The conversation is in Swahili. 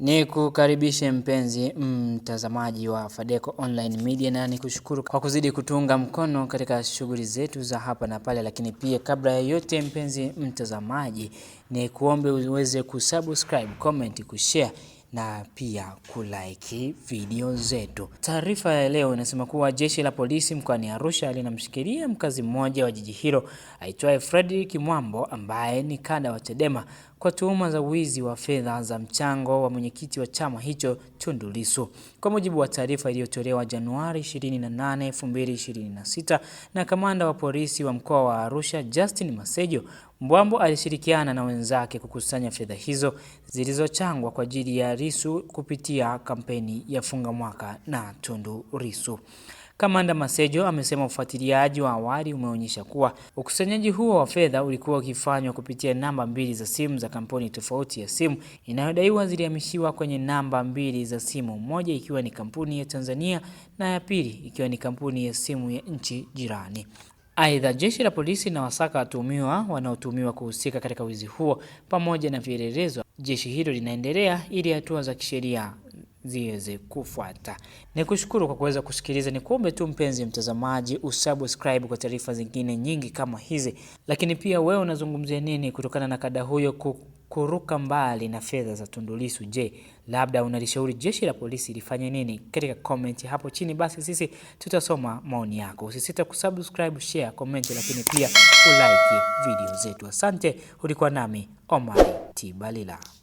Ni kukaribishe mpenzi mtazamaji mm, wa Fadeco Online Media na nikushukuru kwa kuzidi kutunga mkono katika shughuli zetu za hapa na pale, lakini pia kabla ya yote, mpenzi mtazamaji, ni kuombe uweze kusubscribe, comment, kushare na pia kulike video zetu. Taarifa ya leo inasema kuwa jeshi la polisi mkoani Arusha linamshikilia mkazi mmoja wa jiji hilo aitwaye Fredrick Mwambo ambaye ni kada wa Chadema kwa tuhuma za wizi wa fedha za mchango wa mwenyekiti wa chama hicho Tundu Lissu. Kwa mujibu wa taarifa iliyotolewa Januari 28, 2026 na kamanda wa polisi wa mkoa wa Arusha Justin Masejo, Mbwambo alishirikiana na wenzake kukusanya fedha hizo zilizochangwa kwa ajili ya Lissu kupitia kampeni ya Funga Mwaka na Tundu Lissu. Kamanda Masejo amesema ufuatiliaji wa awali umeonyesha kuwa ukusanyaji huo wa fedha ulikuwa ukifanywa kupitia namba mbili za simu za kampuni tofauti ya simu inayodaiwa zilihamishiwa kwenye namba mbili za simu, moja ikiwa ni kampuni ya Tanzania na ya pili ikiwa ni kampuni ya simu ya nchi jirani. Aidha, jeshi la polisi na wasaka watuhumiwa wanaotuhumiwa kuhusika katika wizi huo pamoja na vielelezo. Jeshi hilo linaendelea ili hatua za kisheria ziweze kufuata. ni kushukuru kwa kuweza kusikiliza. Ni kuombe tu mpenzi mtazamaji, usubscribe kwa taarifa zingine nyingi kama hizi. Lakini pia wewe unazungumzia nini kutokana na kada huyo kuruka mbali na fedha za Tundu Lissu? Je, labda unalishauri jeshi la polisi lifanye nini? Katika comment hapo chini, basi sisi tutasoma maoni yako. Usisita kusubscribe, share, comment, lakini pia ulike video zetu. Asante, ulikuwa nami omar Tibalila.